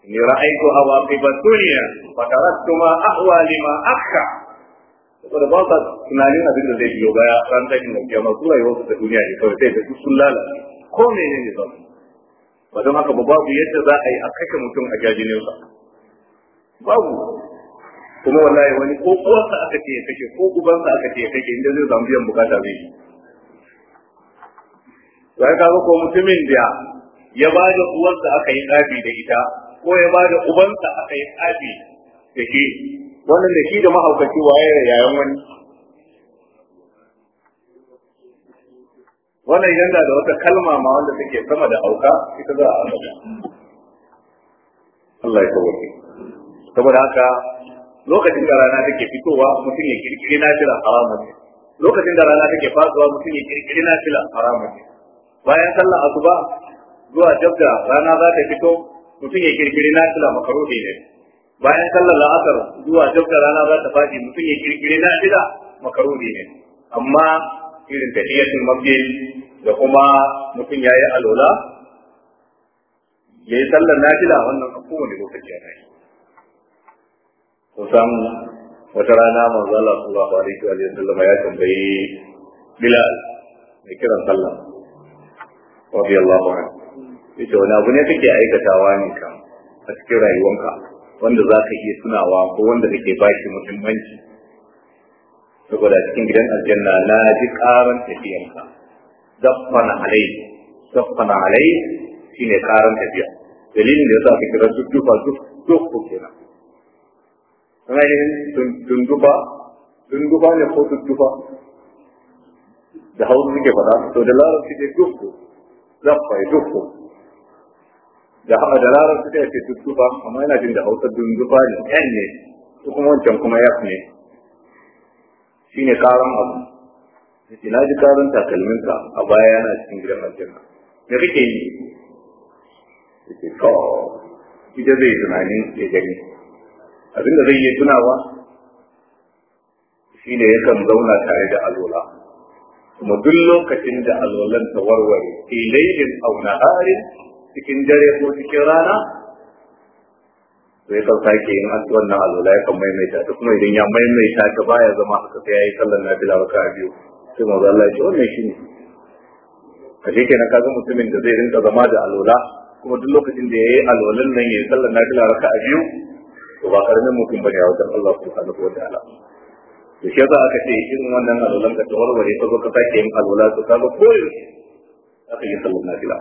ni ra'aytu awaqiba dunya fa tarattu ma ahwa lima akka saboda ba sa tunanin abin da zai biyo baya ran takin da kiyama su ta duniya ne kawai sai da su sun lalace ko mene ne ba ba don haka ba babu yadda za a yi a kashe mutum a sa babu kuma wallahi wani ko uwarsa aka ce ya kashe ko ubansa aka ce ya kashe inda zai zama biyan bukata zai yi to ya ko mutumin da ya ba da uwarsa aka yi tsafi da ita ko ya ba da ubansa aka yi tsafi da ke wannan da shi da mahaukaci waye yayan wani wannan idan da wata kalma ma wanda take sama da auka ita za a ambata Allah ya kawarki saboda haka lokacin da rana take fitowa mutum ya kirkiri na fila haramun lokacin da rana take fasuwa mutum ya kirkiri na fila haramun bayan sallar asuba zuwa dabda rana za ta fito mutum ya kirkiri na fila makaruhi ne bayan sallar la'asar zuwa dukkan rana za ta faɗi mutum ya kirkire na shida makaruni ne amma irin tahiyatul masjid da kuma mutum ya yi alola ya yi sallar nafila wannan a kowane lokaci a kai kusan wata rana manzo Allah sallallahu shi wa sallam ya tambayi Bilal mai kiran sallah radiyallahu anhu yace wani abu ne kake aikatawa ne kan a cikin rayuwanka wanda za ka iya tunawa ko wanda kake ba shi muhimmanci saboda cikin gidan aljanna na ji karan tafiyanka zaffana alai zaffana alai ne karan tafiya dalilin da yasa aka kira duk dufa duk duk kenan suna yin dunduba dunduba ne ko dufa? da hausa suke faɗa to da larabci dai duk ko zaffa duk da haɗa da larar suka yace tuttufa amma yana jin da hausa dundufa ne yan ne su kuma wancan kuma yaf ne shine karan abu yace na ji karan takalminka a baya yana cikin gidan aljanna me kake yi yace to ita zai tunanin ya gani abinda zai yi tunawa Shi ne yakan zauna tare da alola kuma duk lokacin da alolan ta warware ilayin au naharin cikin dare ko cikin rana to yakan sake yin wannan alwala yakan maimaita ta kuma idan ya maimaita ta baya zama haka sai yayi sallar nafila raka biyu sai manzo Allah ya ce wannan ne a shi kenan kaga mutumin da zai rinka zama da alwala kuma duk lokacin da yayi alwalan nan yayi sallar nafila raka biyu to ba karamin mutum bane a wajen Allah subhanahu wataala to shi yasa aka ce irin wannan alwalan ka ta warware ka zo ka sake yin alwala to kaga koyaushe aka yi sallar nafila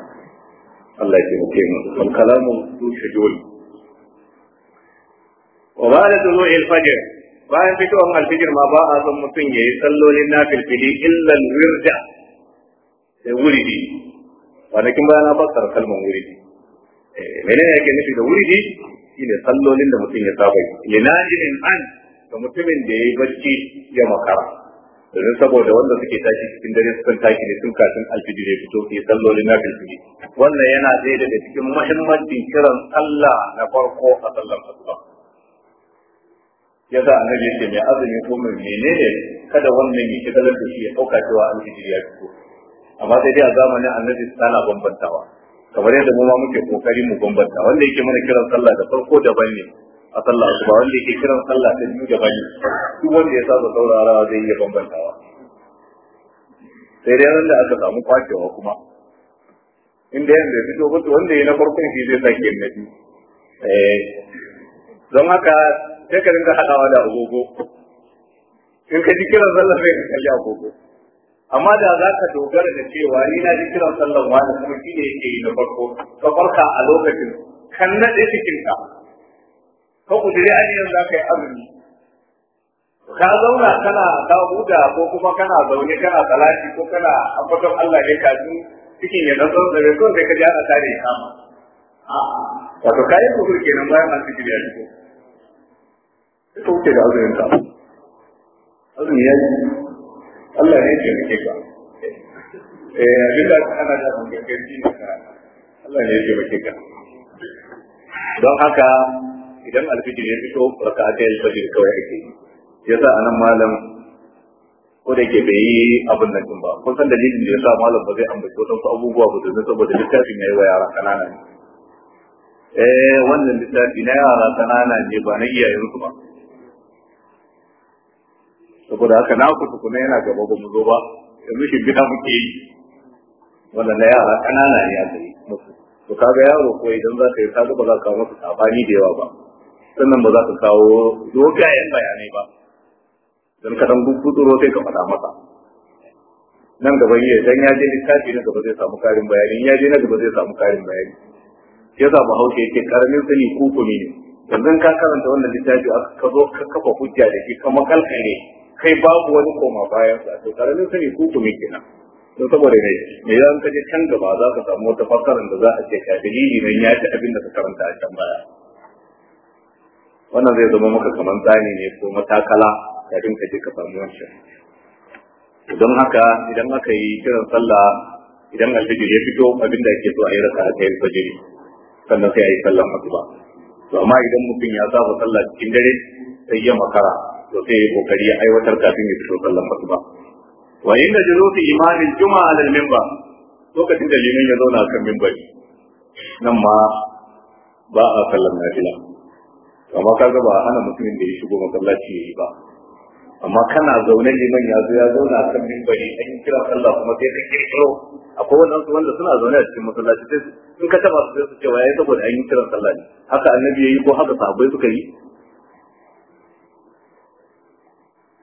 Allah ya taimake mu wal kalamu su shujul wa ba da zuwa al-fajr bayan fitowar al-fajr ma ba a son mutum yayi sallolin nafilfili illa al-wirda da wuridi kwanakin bayan na fassara kalmar wuridi eh, menene yake nufi da wuridi ne sallolin da mutum ya saba yi linajirin an ga mutumin da ya yi bacci ya makara domin saboda wanda suke tashi cikin dare sukan tashi ne sun kafin alfijir ya fito ke sallolin na bilfiji wannan yana ɗaya daga cikin muhimmancin kiran Allah na farko a sallar asuba yasa annabi yake mai azumi ko mai menene kada wannan ya shiga da shi ya dauka cewa alfijir ya fito amma sai dai a zamanin annabi tsala bambantawa kamar yadda mu ma muke kokari mu bambanta wanda yake mana kiran sallah da farko daban ne a sallah su ba wanda yake kiran sallah ta biyu da bani duk wanda ya saba saurara zai iya bambantawa sai dai ran da aka samu kwacewa kuma inda yanzu ya fito mutu wanda ya na farkon shi zai sake na biyu eh, don haka sai ka rinka haɗawa da agogo in ka ji kiran sallah sai ka kalli agogo amma da za ka dogara da cewa ni na ji kiran sallah wani kuma shi ne yake yi na farko ka farka a lokacin kan naɗe cikinka ka kudiri aniyan za ka yi azumi ka zauna kana daguda ko kuma kana zaune kana salati ko kana ambaton Allah ne kaji cikin ya zanzan da bai kawai ka ji ana tare ya kama wato kayi kuhur kenan bayan an cikin ya shigo ita wuce da azumin ka azumi ya yi Allah ne ya ce ka eh abin da ana da gangan shi ne Allah ne ya ce ka don haka idan alfijir ya fito raka ta yi fajir kawai ake yi ya sa anan malam ko da ke bai yi abin nan din ba kun san dalilin da ya sa malam ba zai ambaci wasu abubuwa ba domin saboda littafin ya yi wa yara kanana ne eh wannan littafi na yara kanana ne ba na iyayensu ba saboda haka na kusa kuma yana gaba ba mu zo ba yanzu shi gida muke yi wannan na yara kanana ne ya a musu to kaga yaro ko idan za ka yi kaga ba za ka masa sabani da yawa ba sannan ba za ka kawo dogayen bayanai ba don ka dan sai ka faɗa masa nan gaba yi dan ya je littafi na gaba zai samu karin bayani ya je na gaba zai samu karin bayani ya sa hauke yake karamin sani kukumi ne yanzu ka karanta wannan littafi ka zo ka kafa hujja da shi ka ne kai babu wani koma bayan sa to karamin sani kukumi kenan don saboda ne me yan ka je can gaba za ka samu wata fakarin da za a ce ka dalili ne ya ci abin da ka karanta a can baya wannan zai zama maka kamar tsani ne ko matakala kafin ka je ka samu wancan don haka idan aka yi kiran sallah idan alfijir ya fito abinda ake so a yi raka a kai fajiri sannan sai a yi sallan asuba to amma idan mutum ya saba sallah cikin dare sai ya makara to sai ya kokari ya aiwatar kafin ya fito sallan asuba wa inda julusi imamin juma'a da mimba lokacin da limin ya zauna kan minbari nan ma ba a sallan nafila amma kaga ba ana mutumin da ya shigo masallaci yayi ba amma kana zaune liman ya zo ya zauna a kan mimbari an yi kira Allah kuma sai ka kirkiro akwai wadansu wanda suna zaune a cikin masallaci sai in ka taba su sai su ce waye saboda an yi kiran sallah ne haka annabi yayi ko haka sahabbai suka yi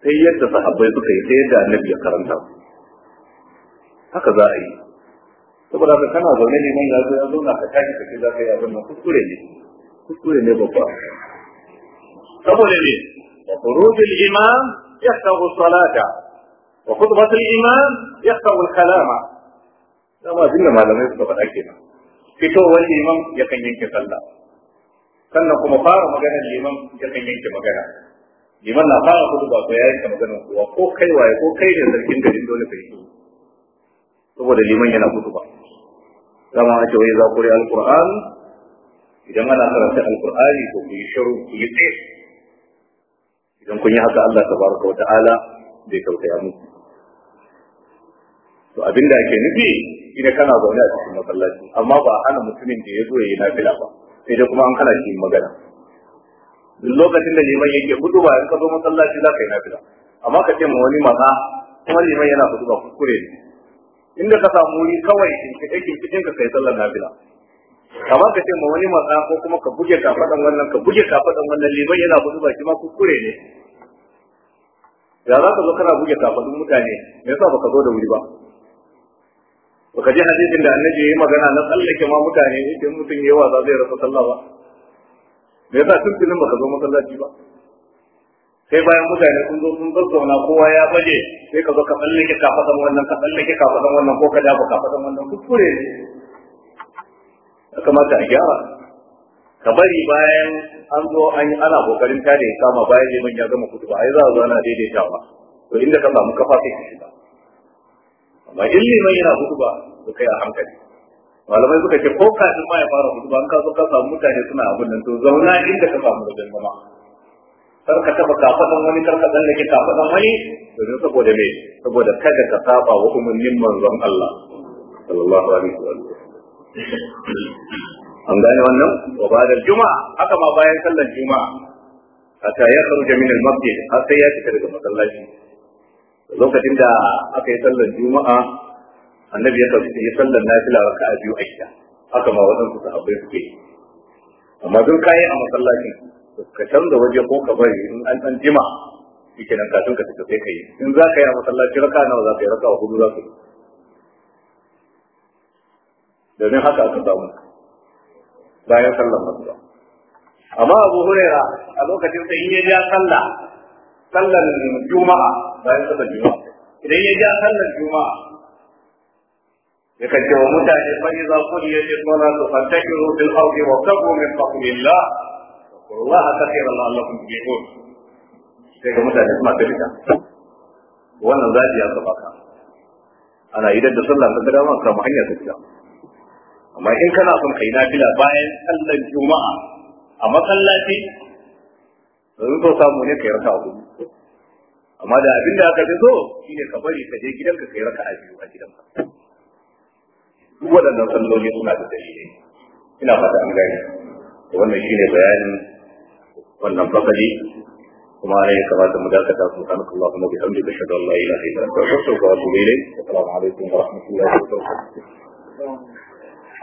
sai yadda sahabbai suka yi sai yadda annabi ya karanta haka za a yi saboda haka kana zaune liman ya zo ya zauna ka tashi ka ce za ka yi abin nan kuskure ne kuskure ne babba saboda ne wa khurujul imam yaqtahu salata wa khutbatul imam ya al-kalama da ma da malamai suka faɗa kenan fitowar liman kan yanke sallah sannan kuma fara maganar liman kan yanke magana liman na fara kudu ba ko ya yanke maganar kuwa ko kai waye ko kai ne zargin garin dole ka yi. saboda liman yana kudu ba dama ake wai za ku idan ana karanta alqur'ani to ku yi shiru ku yi tsaye idan kun yi haka Allah tabaraka wa ta'ala bai kautaya muku to abin da ake nufi idan kana zaune a cikin masallaci amma ba a hana mutumin da ya zo yayi nafila ba sai dai kuma an kana shi magana duk lokacin da liman yake hudu ba in ka zo masallaci za ka yi nafila amma ka ce ma wani maza ah, kuma liman yana hudu ba kuskure ne inda ka samu wuri kawai kinkiɗe kinkiɗin ka kai sallar nafila kamar ka ce ma wani matsa ko kuma ka buge kafadan wannan ka buge kafadan wannan liman yana buɗe baki ma kuskure ne ya za ka zo kana buge kafadun mutane me yasa baka zo da wuri ba baka ji hadisin da annabi yayi magana na tsallake ma mutane idan mutum yayi wasa zai rasa sallah ba me yasa tuntunin baka zo masallaci ba sai bayan mutane sun zo sun zazzauna kowa ya baje sai ka zo ka tsallake kafadan wannan ka tsallake kafadan wannan ko ka dafa kafadan wannan kuskure ne ya kamata a gyara ka bari bayan an zo an yi ana kokarin tare da ya kama bayan neman ya gama kudu ba ai za a zo ana daidaitawa to inda ka samu kafa sai ka shiga amma in neman yana kudu ba to kai a hankali malamai suka ce ko kafin ma ya fara kudu ba an ka zo ka samu mutane suna abin nan to zauna inda ka samu da zama kar ka taba kafadan wani kar ka tsallake kafadan wani domin saboda me saboda kada ka saba wa umarnin manzon Allah sallallahu alaihi wa sallam an gane wannan wa ba'da juma'a haka ma bayan sallar juma'a hatta ya kharuja min al-masjid har sai ya fita daga masallaci lokacin da aka yi sallar juma'a annabi ya sauke yi sallar nafila raka a biyu a gida haka ma waɗansu sahabbai suke amma duk kayi a masallacin ka canza waje ko ka bari in an san jima shi kenan kafin ka fita kai ka in za ka yi a masallaci raka nawa za ka yi raka hudu za ka yi domin haka aka samu bayan sallan masuwa amma abu huraira a lokacin sai in ya ja sallah sallar juma'a bayan sallan juma'a idan ya ja sallar juma'a yakan ce wa mutane fa iza qudiyat as-salatu fantashiru fil ardi wa tabu min fadlillah والله كثيرا لعلكم تفلحون sai ga mutane kuma ta fita wannan zaji ya gaba ka ana idan da sallar ka dama ka mu hanya ta fita amma in kana son kai nafila bayan sallar juma'a a masallaci to samu ne kai raka'a hudu amma da abin da aka fi shine ka bari ka je gidanka kai a biyu a gidanka duk waɗannan salloli suna da dalili ina fata an gani. to wannan ne bayanin wannan fasali kuma ana ya kamata mu dakata su kan Allah kuma bihamdi ka shada Allah ila ilaha illa anta astaghfiruka wa atubu ilayk assalamu alaikum wa rahmatullahi wa barakatuh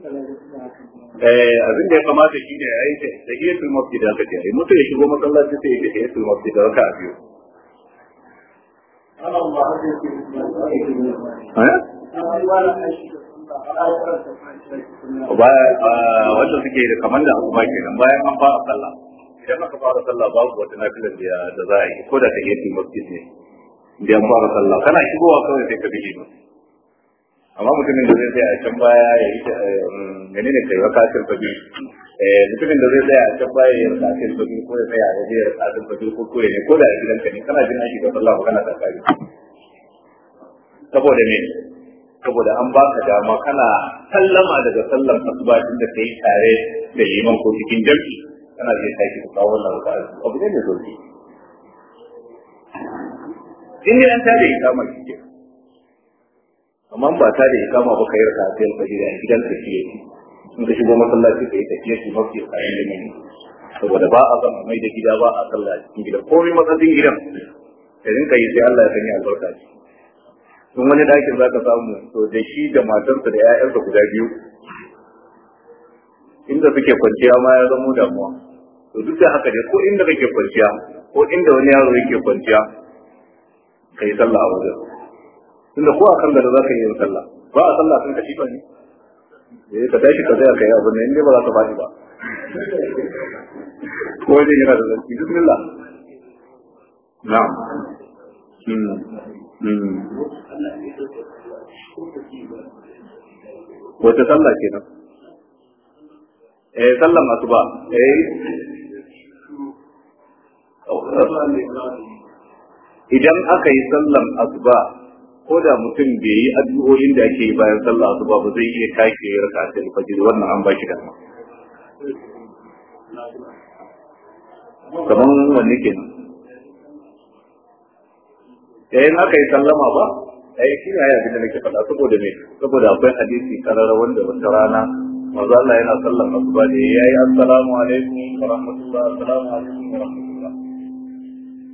Eh, abin da ya kamata shi ne ya yi da iya filmar gida da ce ai mutu ya shigo masallaci sai ya iya filmar gida ka a biyu. Eh? Wanda suke da kamar da abu kenan bayan an fara sallah. Idan aka fara sallah babu wata nafilar da za a yi ko da ta iya filmar gida ne. Idan fara sallah kana shigowa kawai sai ka bi limin. amma mutumin da zai tsaya a can baya ya yi gani eh, ne kai wa kafir eh, mutumin da zai tsaya a can baya ya yi kafir fabi ko ya tsaya a waje ya rasa kafir fabi ko kure ne ko da a gidanka ne kana jin aiki da sallah ko kana tsakari saboda me saboda an ka dama kana sallama daga sallar asuba tun da kai tare da liman ko cikin jami'i kana zai tashi ka kawo wannan wata abu ne da sauki in ne an tare ya kama shi amma ba ta da ikama ba kai raka sai alfaji jira gidan ka ke in ka shigo masallaci kai ta ke shi mafi kayan da mai saboda ba a zama mai da gida ba a sallah cikin gidan komai masallacin gidan ka rinka yi sai Allah ya sanya albarka shi in wani dakin za ka samu to da shi da matarsa da 'ya'yansa guda biyu inda suke kwanciya ma ya zamo damuwa to duk da haka dai ko inda kake kwanciya ko inda wani yaro yake kwanciya kai sallah a wajen tunda ko a kan gada za ka yi sallah ba a sallah sun kashi ba ne eh ka tashi ka tsaya ka yi abin nan inda ba za ka bashi ba ko dai yana da zanci bismillah na'am mm mm wata sallah nan eh sallan ba eh idan aka yi sallan asuba ko da mutum bai yi addu'o'in da ake yi bayan sallah asuba ba zai iya tashi ya raka ta fajr wannan an ba shi ma kaman wanne kenan yayin eh, aka yi sallama ba ai eh, shi ne abin da nake faɗa saboda me saboda akwai hadisi karara wanda wata rana manzo Allah yana sallar asuba ne yayi assalamu alaikum wa rahmatullahi assalamu alaikum wa rahmatullah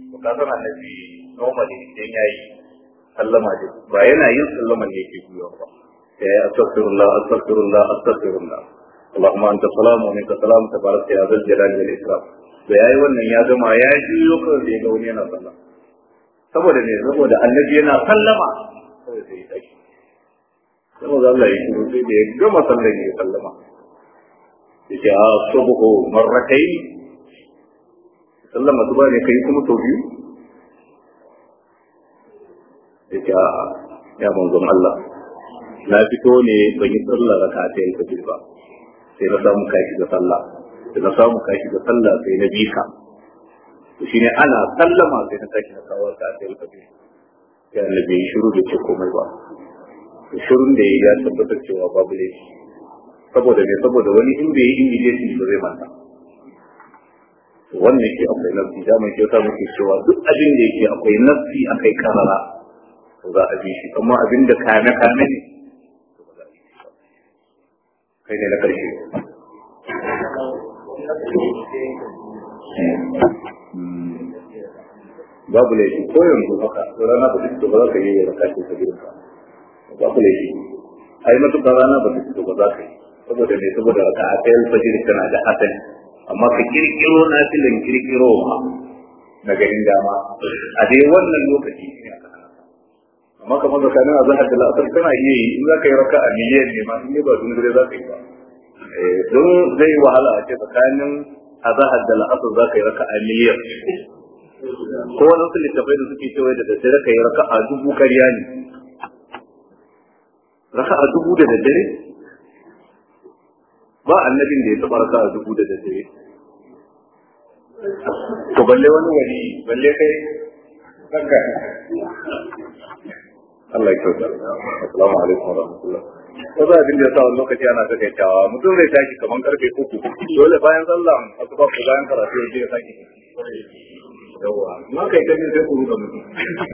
to kaza annabi normally idan yayi sallama dai ba yana yin sallama ne yake juyawa ba ya eh, yi astaghfirullah astaghfirullah astaghfirullah Allahumma anta salamu minka salamu tabaraka ya zal jalal wal ikram da yayi wannan ya gama ya juyo kan da ya ga wani yana sallama saboda ne saboda annabi yana sallama saboda sai ya saboda Allah ya shiru sai da ya gama sallan ya sallama yake a ah, subuhu marrakai sallama duba ne kai kuma sau biyu ya ya manzon Allah na fito ne ban yi sallah raka ta yin kafir ba sai na samu kashi da sallah sai na samu kashi da sallah sai na bi ka shi ne ana sallama sai na tashi na kawo ka ta yin kafir sai annabi ya shiru da ce komai ba shirun da ya tabbatar cewa babu laifi saboda me saboda wani in bai yi immediately ba zai manta wannan ke akwai nafsi da mai kyauta muke cewa duk abin da yake akwai nafsi akai karara to za a bi shi amma abin da kame kame ne to ba za a shi ba kai ne na ƙarshe hmm. babu laifi ko yanzu haka rana ba ta fito ba za ka yi ya raka ce ta ba babu laifi ai matuƙa rana ba ta fito ba za ka yi saboda ne saboda ka a kayan fajiri tana da asali amma ka kirkiro na filin kirkiro ma na inda dama a dai wannan lokaci ne a amma kamar tsakanin azahar da la'asar kana iya yi in za ka yi raka a miliyan ne ma in ne ba dungure za ka yi ba eh, don zai yi wahala a ce tsakanin azahar da la'asar za ka yi raka a miliyan ko wani wasu littafai da suke cewa da daddare ka yi raka a dubu kariya ne raka a dubu da daddare ba annabin da ya taɓa raka a dubu da daddare to balle wani wani balle kai Allah ya kyauta assalamu alaikum warahmatullah ko za abin da ya sa wani lokaci ana saka kyawa mutum zai tashi kamar karfe uku dole bayan sallah asuba ko bayan karatu ya je ya sake yawa ma kai kajin sai ku ruga mutum